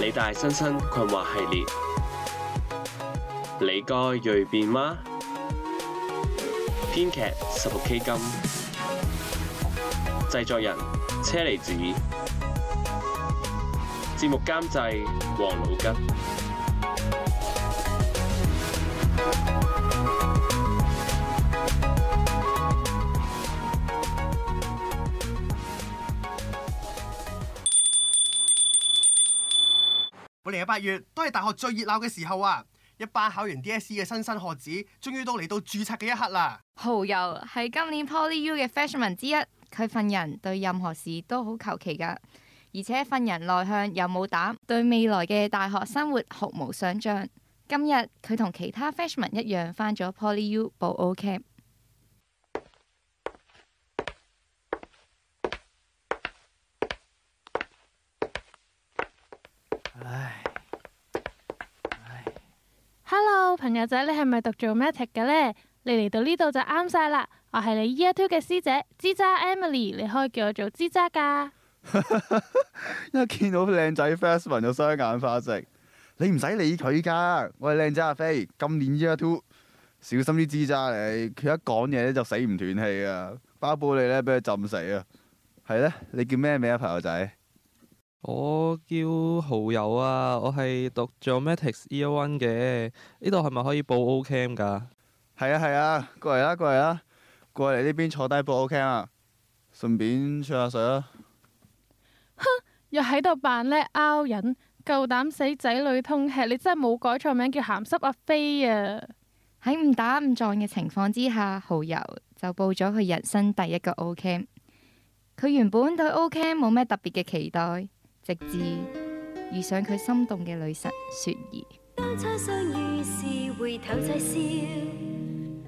理大新生困惑系列，你該蛻變嗎？編劇十六 K 基金，製作人車厘子，節目監製黃老吉。每年嘅八月都係大學最熱鬧嘅時候啊！一班考完 DSE 嘅新生學子，終於都嚟到注冊嘅一刻啦！蠔油，係今年 PolyU 嘅 Freshman 之一，佢份人對任何事都好求其噶，而且份人內向又冇膽，對未來嘅大學生活毫無想象。今日佢同其他 Freshman 一樣，返咗 PolyU 報 Ocamp。朋友仔，你係咪讀做 math 嘅咧？你嚟到呢度就啱晒啦！我係你 Year Two 嘅師姐，芝渣 Emily，你可以叫我做芝渣噶。 一見到靚仔 Firstman 就雙眼發直，你唔使理佢噶。我係靚仔阿飛，今年 Year Two，小心啲芝渣你，佢一講嘢咧就死唔斷氣啊！包保你咧俾佢浸死啊！係咧，你叫咩名啊，朋友仔？我叫蠔油啊，我係讀做 Mathematics Year One 嘅。呢度係咪可以報 O-Camp 噶？係啊係啊，過嚟啦，過嚟啦，過嚟呢、啊、邊坐低報 O-Camp 啊，順便吹下水啊！哼， 又喺度扮叻溝人，夠膽死仔女通吃，你真係冇改錯名，叫鹹濕阿飛啊！喺誤打誤撞嘅情況之下，蠔油就報咗佢人生第一個 O-Camp。佢原本對 O-Camp 冇咩特別嘅期待。直至遇上佢心動嘅女神雪兒。當初相遇時，回頭細笑，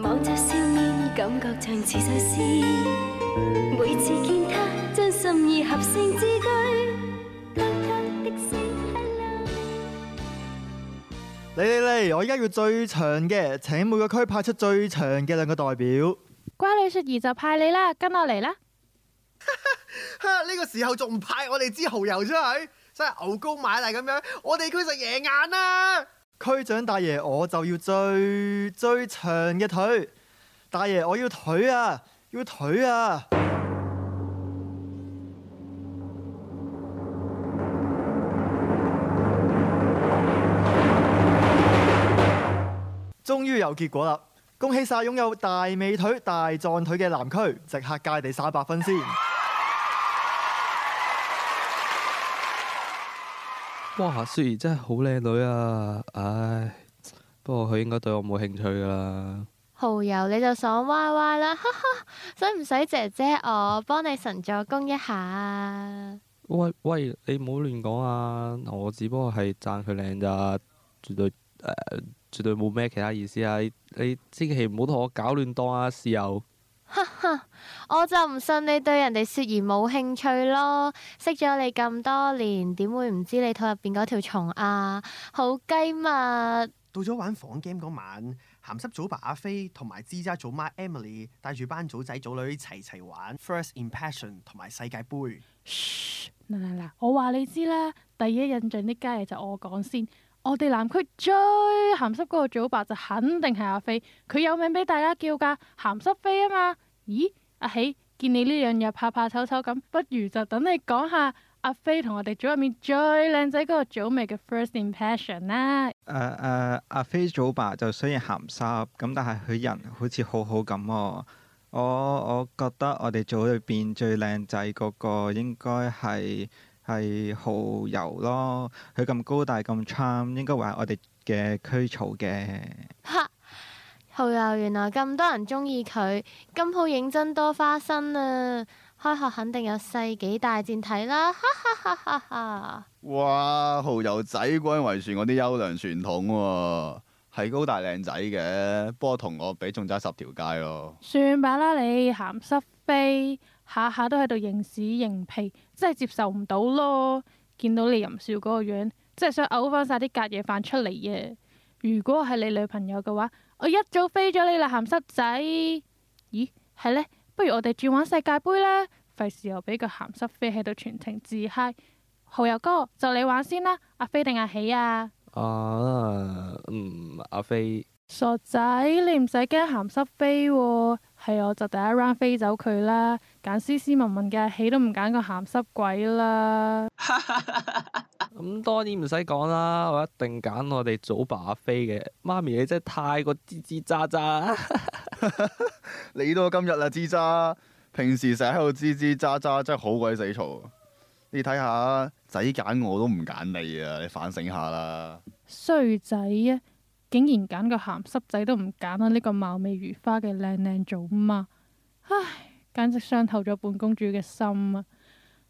望著笑面，感覺像似在笑。每次見他，你你你，我依家要最長嘅，請每個區派出最長嘅兩個代表。乖女雪兒就派你啦，跟我嚟啦。呢個時候仲唔派我哋支蠔油出去，真係牛高馬大咁樣。我哋區實贏眼啦！區長大爺我就要最最長嘅腿，大爺我要腿啊，要腿啊！終於有結果啦！恭喜晒擁有大美腿、大壯腿嘅南區，即刻界地三百分先。哇，雪兒真係好靚女啊！唉，不過佢應該對我冇興趣噶啦。蠔油你就爽歪歪啦，哈哈，使唔使姐姐我幫你神助攻一下啊？喂喂，你唔好亂講啊！我只不過係讚佢靚咋，絕對誒、呃，絕對冇咩其他意思啊！你，你千祈唔好同我搞亂檔啊，豉油。哈哈， 我就唔信你對人哋雪兒冇興趣咯。識咗你咁多年，點會唔知你肚入邊嗰條蟲啊？好雞密！到咗玩房 game 嗰晚，鹹濕祖爸阿飛同埋知渣祖媽 Emily 帶住班祖仔祖女齊齊玩 First Impression 同埋世界杯。嘘嗱嗱嗱，我話你知啦，第一印象呢家嘢就我講先。我哋南區最鹹濕嗰個組爸就肯定係阿飛，佢有名俾大家叫㗎鹹濕飛啊嘛！咦，阿、啊、喜見你呢兩日又怕怕醜醜咁，不如就等你講下阿飛同我哋組入面最靚仔嗰個組尾嘅 first impression 啦。誒誒，阿飛組爸就雖然鹹濕，咁但係佢人好似好好咁喎。我我覺得我哋組裏邊最靚仔嗰個應該係。係蠔油咯！佢咁高大咁 charm，應該話我哋嘅區草嘅。嚇！蠔油原來咁多人中意佢，咁好認真多花生啊！開學肯定有世紀大戰睇啦！哈哈哈！哈哈，哇！蠔油仔，關於維船嗰啲優良傳統喎，係高大靚仔嘅，不過同我比仲差十條街咯。算吧啦你鹹濕飛！下下都喺度認屎認屁，真係接受唔到咯！見到你淫笑嗰個樣，真係想嘔翻晒啲隔夜飯出嚟啊！如果我係你女朋友嘅話，我一早飛咗你啦，鹹濕仔！咦，係呢？不如我哋轉玩世界盃啦，費事又俾個鹹濕飛喺度全程自嗨。蠔油哥，就你玩先啦，阿飛定阿喜啊？啊，uh, 嗯，阿飛。傻仔，你唔使驚鹹濕飛喎。係我就第一 round 飛走佢啦，揀斯斯文文嘅，起都唔揀個鹹濕鬼啦。咁當然唔使講啦，我一定揀我哋祖爸飛嘅。媽咪你真係太過吱吱喳喳 你到今日啊，吱喳，平時成日喺度吱吱喳喳，真係好鬼死嘈。你睇下仔揀我都唔揀你啊，你反省下啦。衰仔啊！竟然揀個鹹濕仔都唔揀啊，呢個貌美如花嘅靚靚做媽，唉，簡直傷透咗本公主嘅心啊！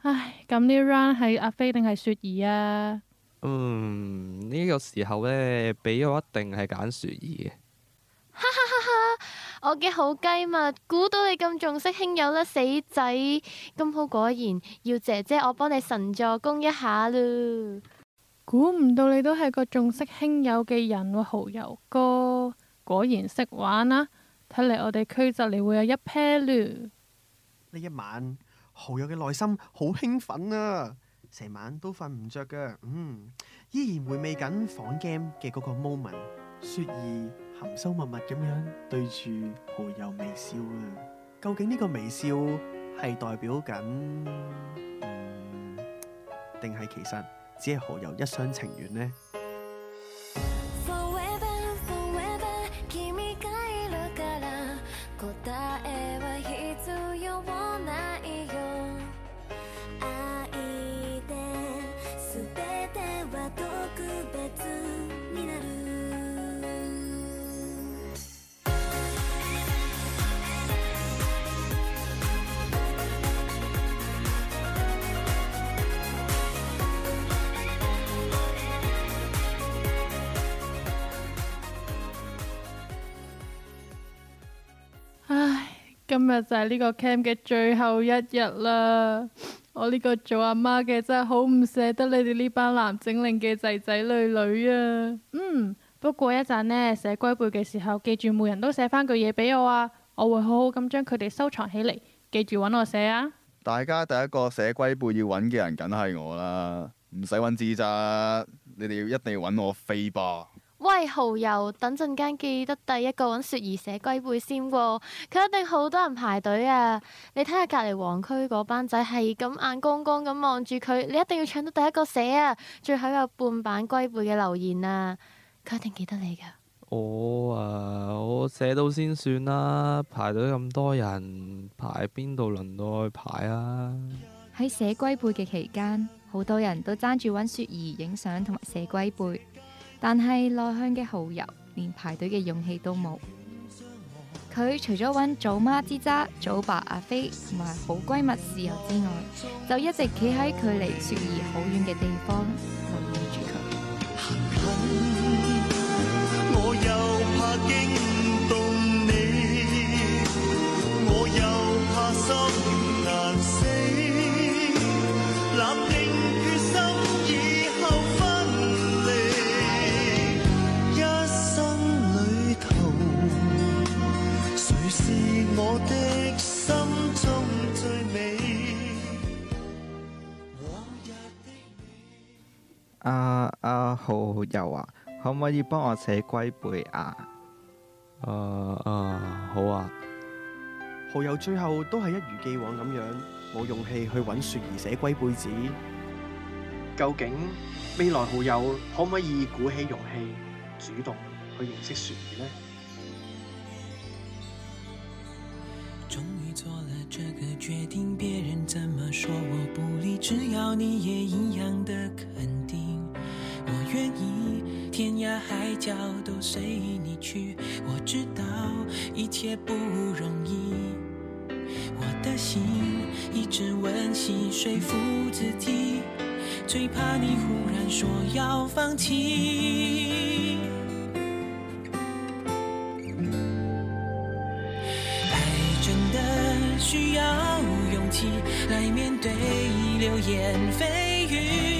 唉，咁呢 round 係阿飛定係雪兒啊？嗯，呢、呢個時候呢，俾我一定係揀雪兒。哈哈哈哈！ 我嘅好雞物，估到你咁重色輕友啦，死仔！咁好果然要姐姐我幫你神助攻一下啦。估唔到你都係個重色輕友嘅人喎，蠔油哥果然識玩啊！睇嚟我哋區就嚟會有一 pair 了。呢一晚，蠔油嘅內心好興奮啊，成晚都瞓唔着噶。嗯，依然回味緊房 game 嘅嗰個 moment。雪兒含羞默默咁樣對住蠔油微笑啊，究竟呢個微笑係代表緊，嗯，定係其實？只係何有一廂情願呢？今日就係呢個 camp 嘅最後一日啦，我呢個做阿媽嘅真係好唔捨得你哋呢班藍精靈嘅仔仔女女啊。嗯，不過一陣呢，寫龜背嘅時候，記住每人都寫返句嘢俾我啊，我會好好咁將佢哋收藏起嚟。記住揾我寫啊！大家第一個寫龜背要揾嘅人，梗係我啦，唔使揾字咋，你哋要一定要揾我飛吧。喂，蠔油，等陣間記得第一個揾雪兒寫龜背先喎，啊，佢一定好多人排隊啊！你睇下隔籬黃區嗰班仔係咁眼光光咁望住佢，你一定要搶到第一個寫啊！最後有半版龜背嘅留言啊！佢一定記得你噶。Oh, uh, 我寫啊，我寫到先算啦，排隊咁多人，排邊度輪到去排啊！喺寫龜背嘅期間，好多人都爭住揾雪兒影相同埋寫龜背。但係內向嘅蠔油連排隊嘅勇氣都冇，佢除咗揾祖媽之渣、祖爸阿飛同埋好閨蜜豉油之外，就一直企喺距離雪兒好遠嘅地方留意住佢。 好友啊，可唔可以幫我寫龜背啊？啊，誒，好啊！好友最後都係一如既往咁樣冇勇氣去揾雪兒寫龜背紙。究竟未來好友可唔可以鼓起勇氣主動去認識雪兒呢？願意天涯海角都隨你去，我知道一切不容易。我的心一直温習說服自己，最怕你忽然說要放棄。愛真的需要勇氣，來面對流言蜚語。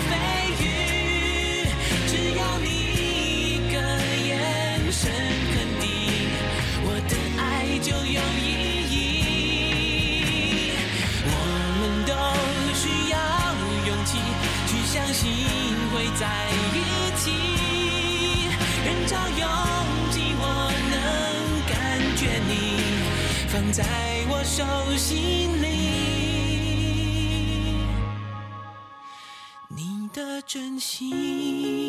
在我手心裏，你的真心。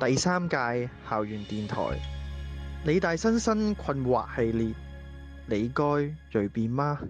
第三屆校園電台，理大新生困惑系列。理該蛻變嗎？